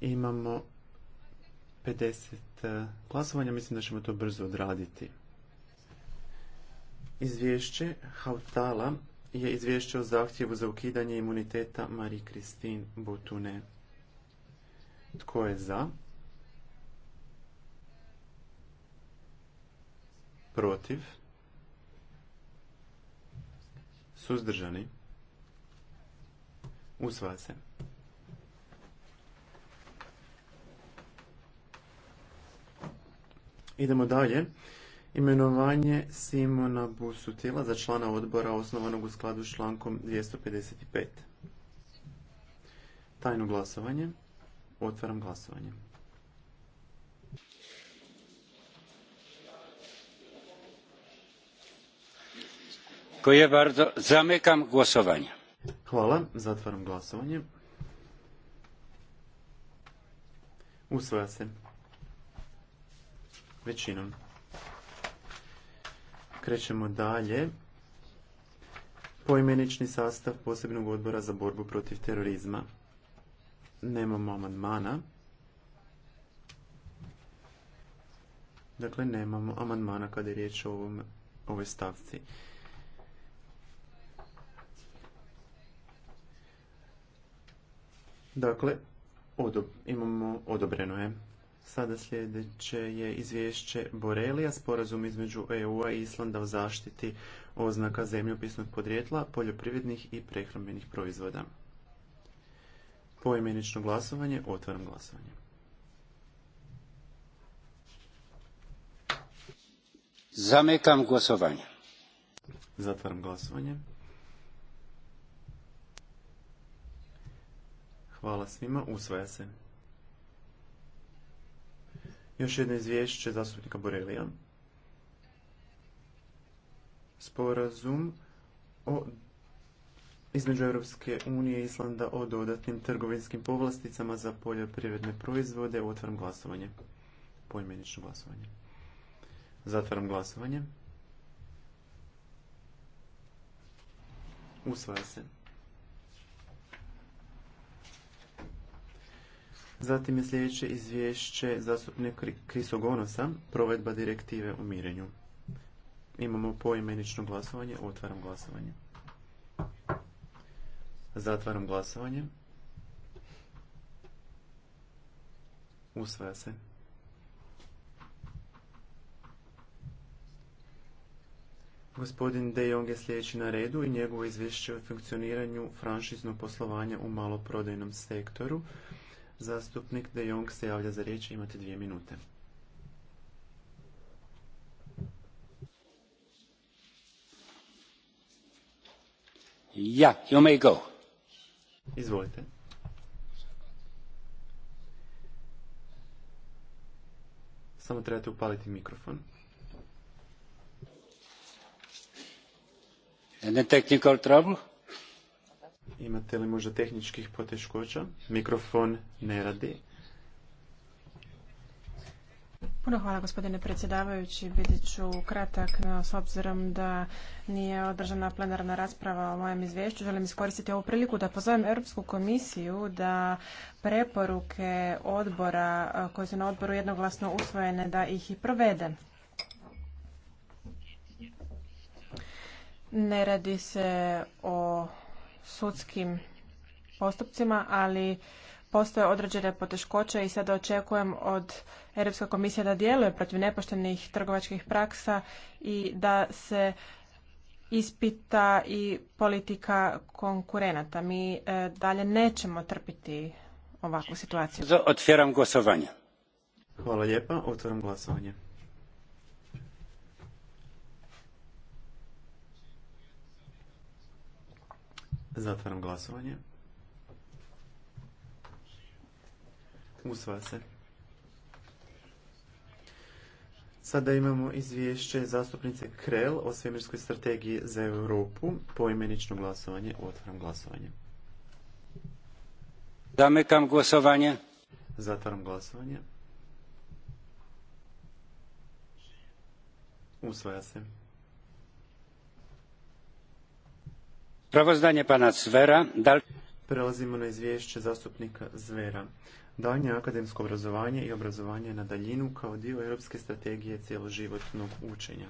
Imamo 50 eh, glasovanja, mislim da ćemo to brzo odraditi. Izvješće Hautala je izvješće o zahtjevu za ukidanje imuniteta Marie Christine Botune. Tko je za? Protiv? Suzdržani? Usvaja se. Idemo dalje. Imenovanje Simona Busutila za člana odbora osnovanog u skladu s člankom 255. Tajno glasovanje. Otvaram glasovanje. Koje bardzo. Zamekam glasovanje. Hvala. Zatvaram glasovanje. Usvaja se većinom. Krećemo dalje. Poimenični sastav posebnog odbora za borbu protiv terorizma. Nemamo amandmana. Dakle, nemamo amandmana kada je riječ o ovoj stavci. Dakle, imamo odobreno je. Sada sljedeće je izvješće Borelija, sporazum između EU-a i Islanda o zaštiti oznaka zemljopisnog podrijetla, poljoprivrednih i prehrambenih proizvoda. Poimenično glasovanje, otvaram glasovanje. Zamekam glasovanje. Zatvaram glasovanje. Hvala svima, usvaja se. Još jedno izvješće zastupnika Borelija. Sporazum o između Europske unije i Islanda o dodatnim trgovinskim povlasticama za poljoprivredne proizvode. Otvaram glasovanje. Poimenično glasovanje. Zatvaram glasovanje. Usvaja se. Zatim je sljedeće izvješće zastupnika Krisogonosa, provedba direktive u mirenju. Imamo poimenično glasovanje, otvaram glasovanje. Zatvaram glasovanje. Usvaja se. Gospodin De Jong je sljedeći na redu i njegovo izvješće o funkcioniranju franšiznog poslovanja u maloprodajnom sektoru. Zastupnik De Jong se javlja za riječ, imate dvije minute. Ja, you may go. Izvolite. Samo trebate upaliti mikrofon. And a technical trouble? Imate li možda tehničkih poteškoća? Mikrofon ne radi. Puno hvala gospodine predsjedavajući. Biti ću kratak no, s obzirom da nije održana plenarna rasprava o mojem izvješću. Želim iskoristiti ovu priliku da pozovem Europsku komisiju da preporuke odbora koje su na odboru jednoglasno usvojene da ih i provede. Ne radi se o sudskim postupcima, ali postoje određene poteškoće i sada očekujem od Europske komisije da djeluje protiv nepoštenih trgovačkih praksa i da se ispita i politika konkurenata. Mi e, dalje nećemo trpiti ovakvu situaciju. glasovanje. Hvala lijepa, otvaram glasovanje. Zatvaram glasovanje. Usvaja se. Sada imamo izvješće zastupnice Krel o svemirskoj strategiji za Europu. Poimenično glasovanje, otvaram glasovanje. Zamekam glasovanje. Zatvaram glasovanje. Usvaja se. pana svera Dal... Prelazimo na izvješće zastupnika Zvera. Daljnje akademsko obrazovanje i obrazovanje na daljinu kao dio Europske strategije cijeloživotnog učenja.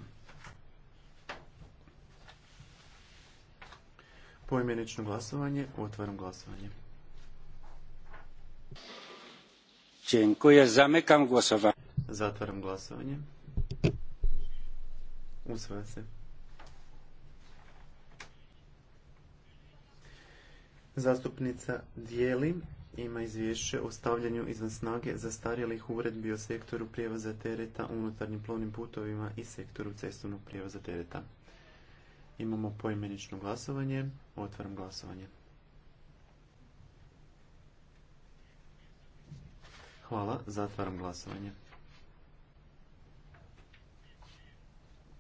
Poimenično glasovanje, otvaram glasovanje. Dziękuję, zamykam głosowanie. Zatvaram glasovanje. Usvaja se. Zastupnica dijeli ima izvješće o stavljanju izvan snage zastarjelih uredbi o sektoru prijevoza tereta unutarnjim plovnim putovima i sektoru cestovnog prijevoza tereta. Imamo poimenično glasovanje. Otvaram glasovanje. Hvala. Zatvaram glasovanje.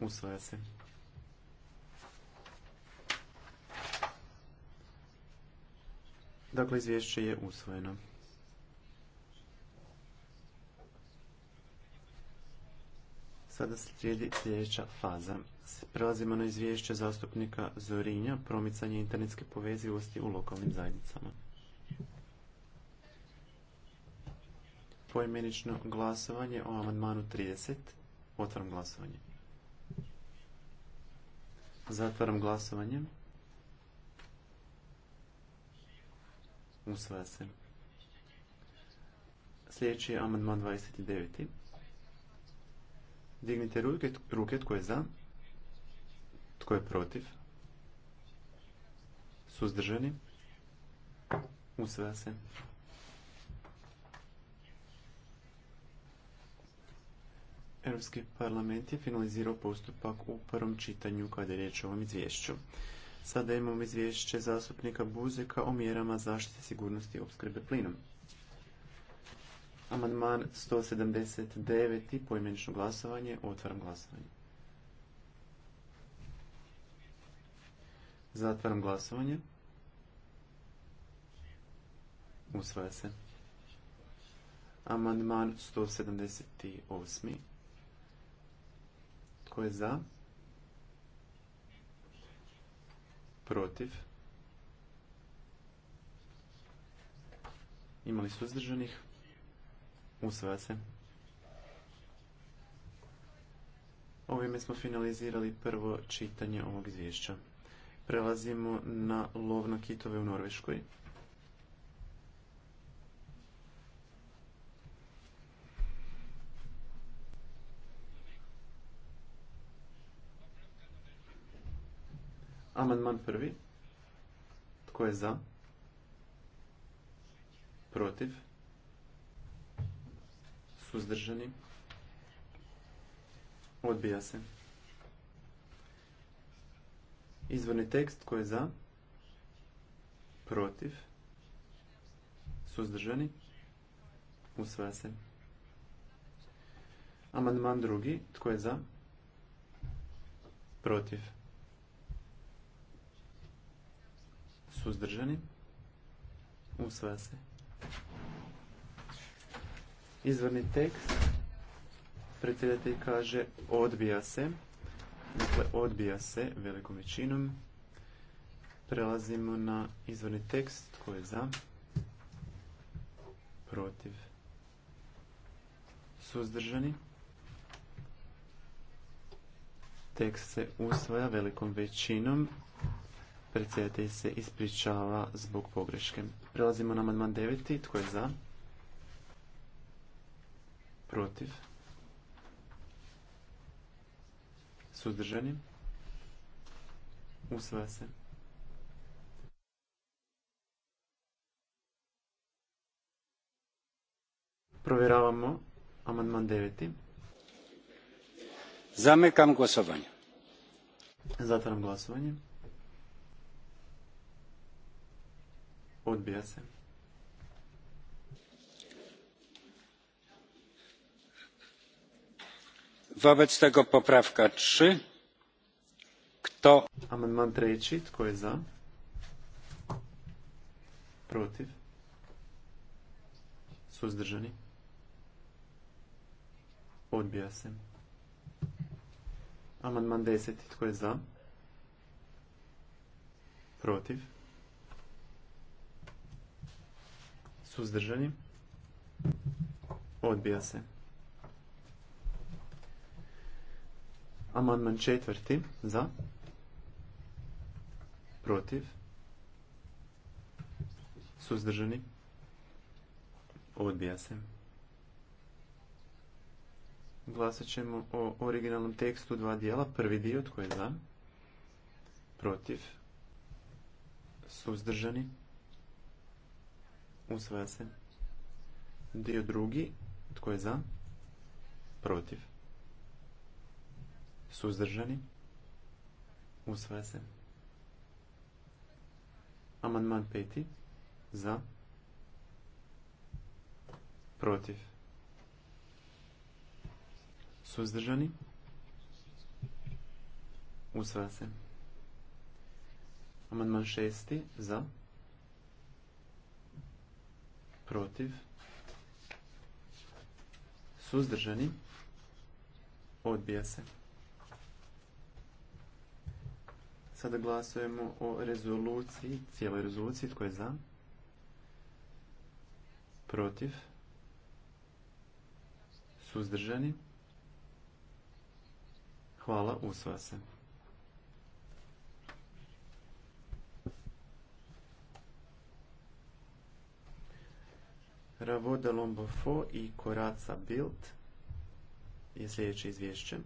Usvaja se. Dakle, izvješće je usvojeno. Sada slijedi sljedeća faza. Prelazimo na izvješće zastupnika Zorinja, promicanje internetske povezivosti u lokalnim zajednicama. Poimenično glasovanje o amandmanu 30. Otvaram glasovanje. Zatvaram glasovanje. Usvaja se. Sljedeći je amandman 29. Dignite ruke, ruke tko je za, tko je protiv, suzdržani, usvaja se. Europski parlament je finalizirao postupak u prvom čitanju kada je riječ o ovom izvješću. Sada imamo izvješće zastupnika Buzeka o mjerama zaštite sigurnosti opskrbe plinom. Amandman 179. pojmenično glasovanje. Otvaram glasovanje. Zatvaram glasovanje. Usvaja se. Amandman 178. Tko je za? protiv, imali suzdržanih, usvaja se. Ovime smo finalizirali prvo čitanje ovog izvješća. Prelazimo na lov na kitove u Norveškoj. Amandman prvi. Tko je za? Protiv? Suzdržani? Odbija se. Izvorni tekst tko je za? Protiv? Suzdržani? Usvaja se. Amandman drugi. Tko je za? Protiv? Suzdržani? Usvaja se. Izvorni tekst. Predsjedatelj kaže odbija se. Dakle, odbija se velikom većinom. Prelazimo na izvorni tekst. Tko je za? Protiv. Suzdržani? Tekst se usvaja velikom većinom. Predsjedatelj se ispričava zbog pogreške. Prelazimo na amandman 9. Tko je za? Protiv? Suzdržani? Usvaja se. Provjeravamo amandman 9. Zamekam glasovanje. Zatvaram glasovanje. Odbija se. Wobec tego poprawka 3. Kto? Amandman treći. Tko je za? Protiv? Suzdržani? Odbija se. Amandman deseti. Tko je za? Protiv? Suzdržani? Odbija se. Amandman četvrti. Za? Protiv? Suzdržani? Odbija se. Glasat ćemo o originalnom tekstu dva dijela. Prvi dio tko je za? Protiv? Suzdržani? Usvaja se. Dio drugi. Tko je za? Protiv. Suzdržani. Usvaja se. Amandman peti. Za. Protiv. Suzdržani. Usvaja se. Amandman šesti. Za protiv, suzdržani, odbija se. Sada glasujemo o rezoluciji, cijeloj rezoluciji, tko je za, protiv, suzdržani, hvala, usva se. Ravoda Lombofo i Koraca Bild je sljedeće izvješće.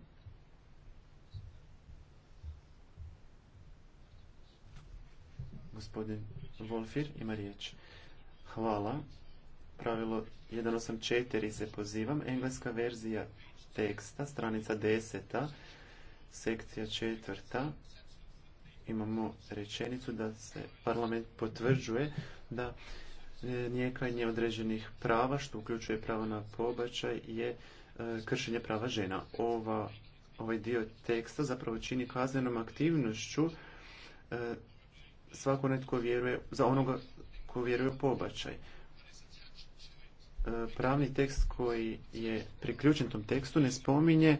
Gospodin Wolfir ima riječ. Hvala. Pravilo 184 se pozivam. Engleska verzija teksta, stranica 10. Sekcija četvrta, Imamo rečenicu da se parlament potvrđuje da Nijekanje određenih prava, što uključuje pravo na pobačaj, je e, kršenje prava žena. Ova, ovaj dio teksta zapravo čini kaznenom aktivnošću e, svako netko vjeruje, za onoga ko vjeruje u pobačaj. E, pravni tekst koji je priključen tom tekstu ne spominje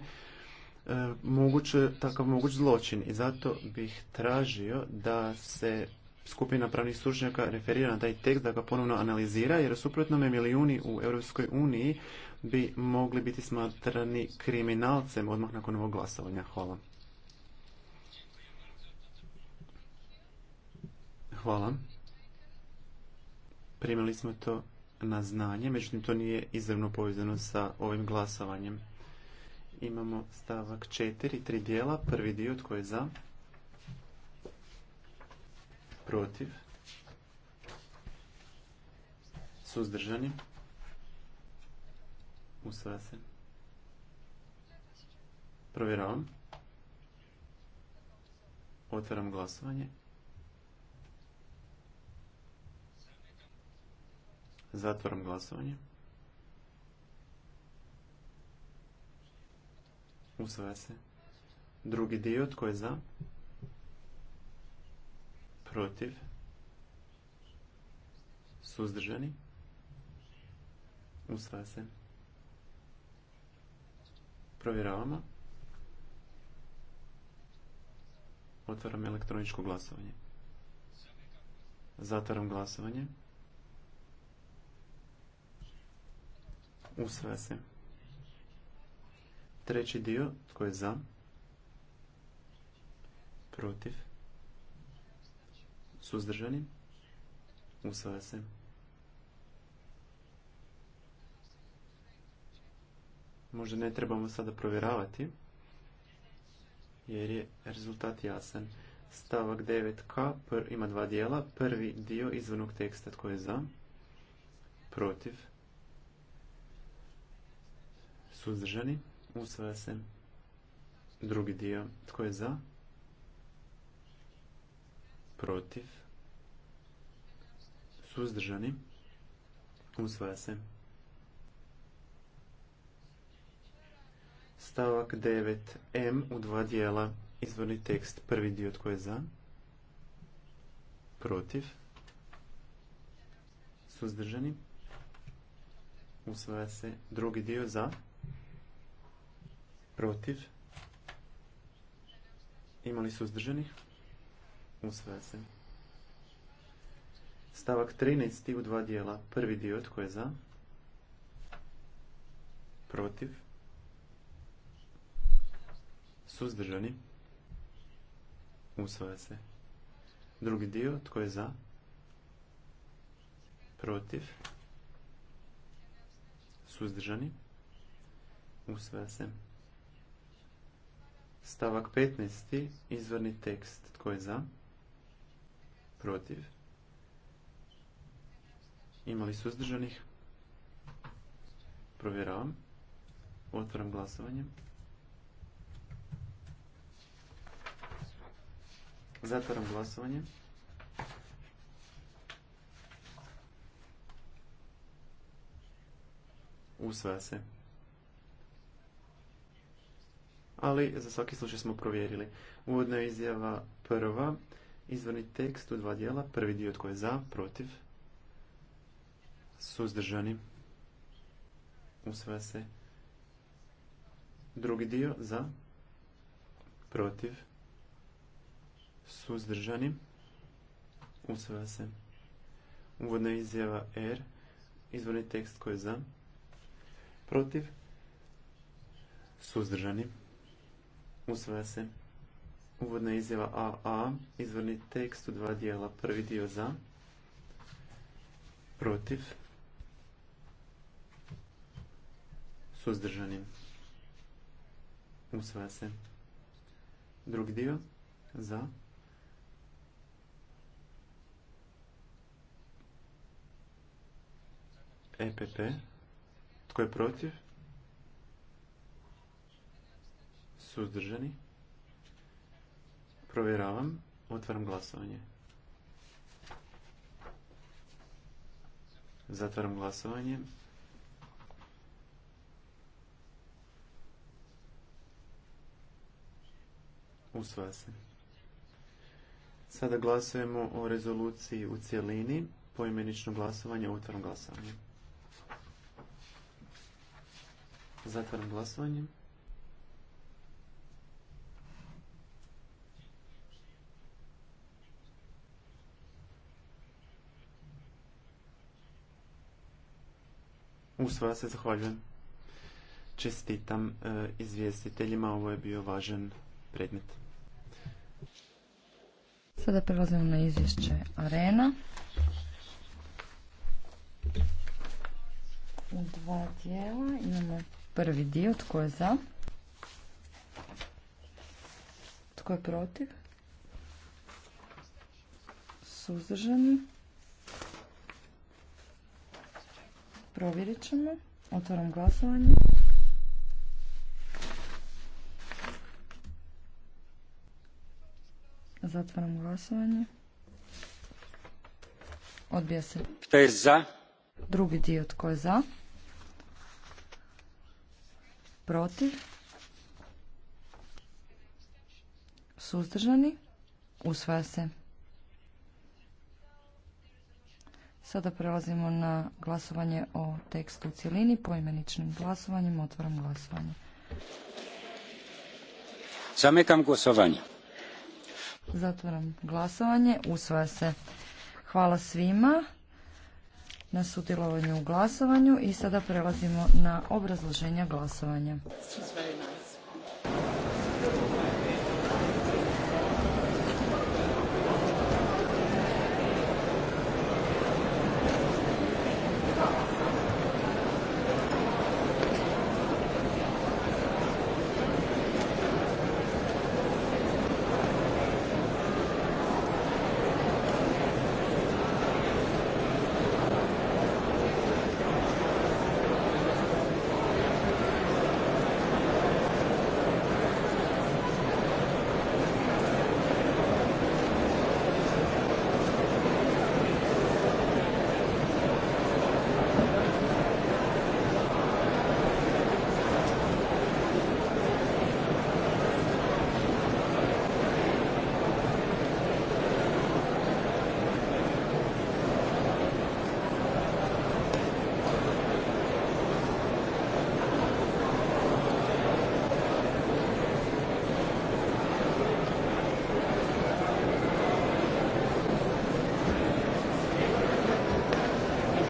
moguć, takav moguć zločin i zato bih tražio da se skupina pravnih stručnjaka referira na taj tekst da ga ponovno analizira, jer me milijuni u Europskoj uniji bi mogli biti smatrani kriminalcem odmah nakon ovog glasovanja. Hvala. Hvala. Primili smo to na znanje, međutim to nije izravno povezano sa ovim glasovanjem. Imamo stavak četiri, tri dijela, prvi dio tko je za, protiv, suzdržani, usvaja se. Provjeravam. Otvaram glasovanje. Zatvaram glasovanje. Usvaja se. Drugi dio, tko je za? protiv, suzdržani, usvaja se. Provjeravamo. Otvaram elektroničko glasovanje. Zatvaram glasovanje. Usvaja se. Treći dio, tko je za? Protiv? Suzdržani? Usvaja se. Možda ne trebamo sada provjeravati, jer je rezultat jasan. Stavak 9k ima dva dijela. Prvi dio izvornog teksta tko je za, protiv, suzdržani, usvaja se. Drugi dio tko je za, protiv, suzdržani, usvaja se. Stavak 9. M u dva dijela. Izvorni tekst. Prvi dio tko je za? Protiv. Suzdržani. Usvaja se drugi dio za. Protiv. Imali suzdržanih? Usvaja se. Stavak 13. u dva dijela. Prvi dio tko je za? Protiv? Suzdržani? Usvaja se. Drugi dio tko je za? Protiv? Suzdržani? Usvaja se. Stavak 15. Izvorni tekst. Tko je za? protiv imali suzdržanih provjeravam otvaram glasovanje zatvaram glasovanje usvaja se ali za svaki slučaj smo provjerili uvodna izjava prva Izvorni tekst u dva dijela. Prvi dio tko je za, protiv, suzdržani, usvaja se. Drugi dio za, protiv, suzdržani, usvaja se. Uvodna izjava R. Izvrni tekst koji je za, protiv, suzdržani, usvaja se. Uvodna izjava AA, izvorni tekst u dva dijela. Prvi dio za, protiv, suzdržani. Usvaja se. Drugi dio za, EPP. Tko je protiv? Suzdržani. Provjeravam. Otvaram glasovanje. Zatvaram glasovanje. Usvaja se. Sada glasujemo o rezoluciji u cjelini. Poimenično glasovanje, otvaram glasovanje. Zatvaram glasovanje. Usvaja se, zahvaljujem. Čestitam e, izvjestiteljima, ovo je bio važan predmet. Sada prelazimo na izvješće Arena. U dva dijela imamo prvi dio, tko je za? Tko je protiv? Suzdržani? Provjerit ćemo. Otvaram glasovanje. Zatvaram glasovanje. Odbija se. Tko je za? Drugi dio tko je za? Protiv? Suzdržani? Usvaja se. Sada prelazimo na glasovanje o tekstu u cjelini. Poimeničnim glasovanjem otvaram glasovanje. Zamekam glasovanje. Zatvaram glasovanje. Usvaja se. Hvala svima na sudjelovanju u glasovanju i sada prelazimo na obrazloženja glasovanja.